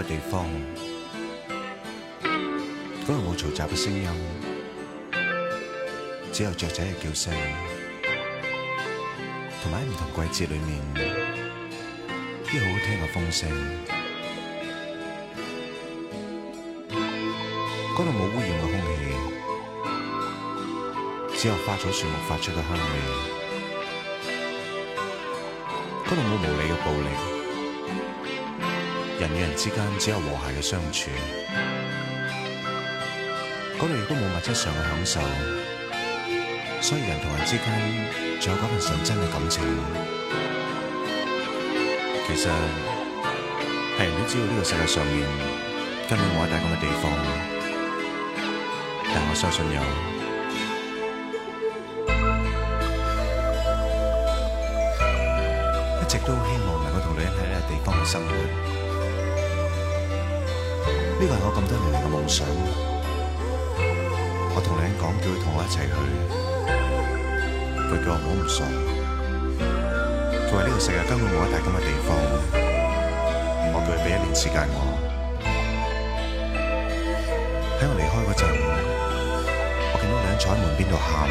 個地方，嗰度冇嘈雜嘅聲音，只有雀仔嘅叫聲，同埋喺唔同季節裏面，啲好好聽嘅風聲。嗰度冇污染嘅空氣，只有花草樹木發出嘅香味。嗰度冇無理嘅暴力。人與人之間只有和諧嘅相處，嗰度亦都冇物質上嘅享受，所以人同人之間仲有嗰份純真嘅感情。其實係人都知道呢個世界上面根本冇喺大咁嘅地方，但我相信有，一直都好希望能夠同女人喺呢個地方去生活。呢個係我咁多年嚟嘅夢想，我同女人講叫佢同我一齊去，佢叫我唔好唔信，佢話呢個世界根本冇一大咁嘅地方，我叫佢俾一年時間我。喺我離開嗰陣，我見到女人坐喺門邊度喊，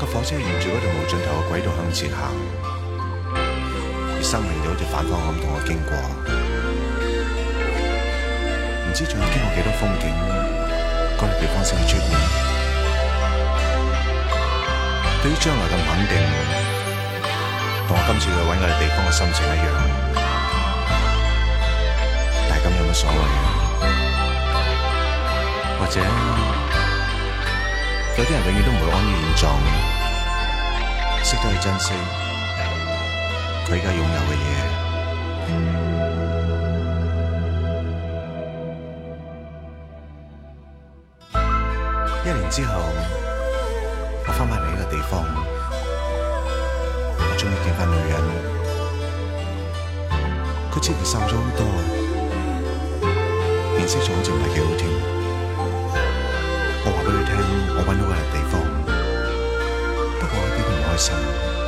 個火車沿住嗰條無盡頭嘅軌道向前行。生命就好似反方向咁同我經過，唔知仲要經過幾多風景嗰個地方先會出現。對於將來咁肯定，同我今次去搵我哋地方嘅心情一樣。但係咁有乜所謂？或者，有啲人永遠都唔會安於現狀，識得去珍惜。你而家擁有嘅嘢，一年之後，我翻返嚟呢個地方，我終於見翻女人，佢似乎瘦咗好多，面色仲好似唔係幾好添。我話俾佢聽，我揾到個人地方，不過我一啲唔開心。